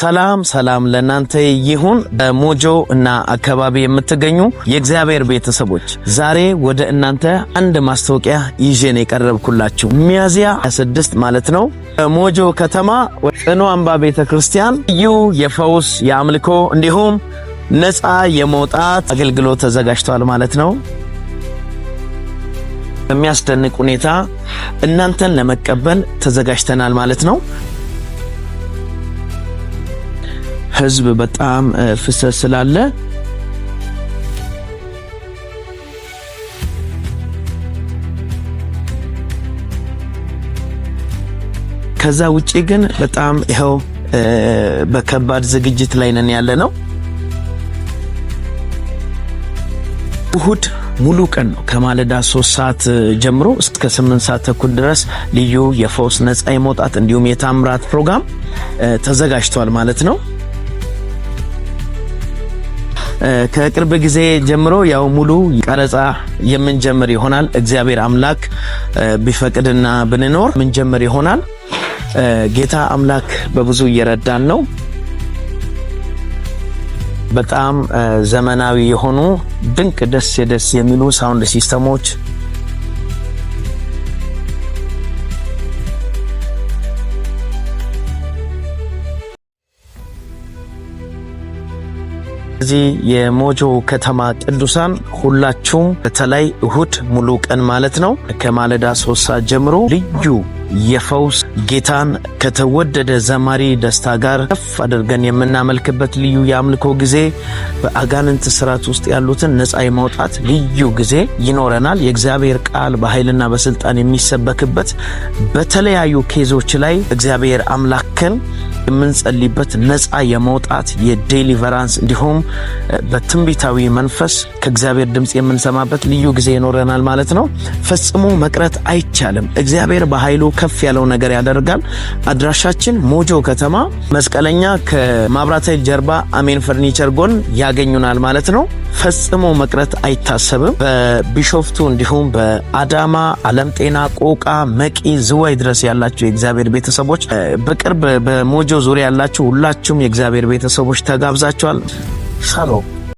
ሰላም ሰላም ለእናንተ ይሁን። በሞጆ እና አካባቢ የምትገኙ የእግዚአብሔር ቤተሰቦች ዛሬ ወደ እናንተ አንድ ማስታወቂያ ይዤን የቀረብኩላችሁ ሚያዝያ 26 ማለት ነው በሞጆ ከተማ ጽኑ አምባ ቤተ ክርስቲያን ልዩ የፈውስ የአምልኮ እንዲሁም ነፃ የመውጣት አገልግሎት ተዘጋጅቷል ማለት ነው። በሚያስደንቅ ሁኔታ እናንተን ለመቀበል ተዘጋጅተናል ማለት ነው። ህዝብ በጣም ፍሰት ስላለ ከዛ ውጪ ግን በጣም ይኸው በከባድ ዝግጅት ላይ ነን ያለ ነው። እሁድ ሙሉ ቀን ነው ከማለዳ ሶስት ሰዓት ጀምሮ እስከ ስምንት ሰዓት ተኩል ድረስ ልዩ የፈውስ ነፃ የመውጣት እንዲሁም የታምራት ፕሮግራም ተዘጋጅቷል ማለት ነው። ከቅርብ ጊዜ ጀምሮ ያው ሙሉ ቀረጻ የምንጀምር ይሆናል። እግዚአብሔር አምላክ ቢፈቅድና ብንኖር ምንጀምር ይሆናል። ጌታ አምላክ በብዙ እየረዳን ነው። በጣም ዘመናዊ የሆኑ ድንቅ ደስ የደስ የሚሉ ሳውንድ ሲስተሞች እዚህ የሞጆ ከተማ ቅዱሳን ሁላችሁም በተለይ እሁድ ሙሉ ቀን ማለት ነው ከማለዳ ሶስት ሰዓት ጀምሮ ልዩ የፈውስ ጌታን ከተወደደ ዘማሪ ደስታ ጋር ከፍ አድርገን የምናመልክበት ልዩ የአምልኮ ጊዜ በአጋንንት ስርዓት ውስጥ ያሉትን ነፃ የማውጣት ልዩ ጊዜ ይኖረናል። የእግዚአብሔር ቃል በኃይልና በስልጣን የሚሰበክበት በተለያዩ ኬዞች ላይ እግዚአብሔር አምላክን የምንጸልይበት ነፃ የመውጣት የዴሊቨራንስ እንዲሁም በትንቢታዊ መንፈስ ከእግዚአብሔር ድምፅ የምንሰማበት ልዩ ጊዜ ይኖረናል ማለት ነው። ፈጽሞ መቅረት አይቻልም። እግዚአብሔር በኃይሉ ከፍ ያለው ነገር ያደርጋል። አድራሻችን ሞጆ ከተማ መስቀለኛ ከማብራት ኃይል ጀርባ አሜን ፈርኒቸር ጎን ያገኙናል ማለት ነው። ፈጽሞ መቅረት አይታሰብም። በቢሾፍቱ እንዲሁም በአዳማ አለም ጤና፣ ቆቃ፣ መቂ፣ ዝዋይ ድረስ ያላችሁ የእግዚአብሔር ቤተሰቦች በቅርብ በሞጆ ዙሪያ ያላችሁ ሁላችሁም የእግዚአብሔር ቤተሰቦች ተጋብዛችኋል። ሻሎም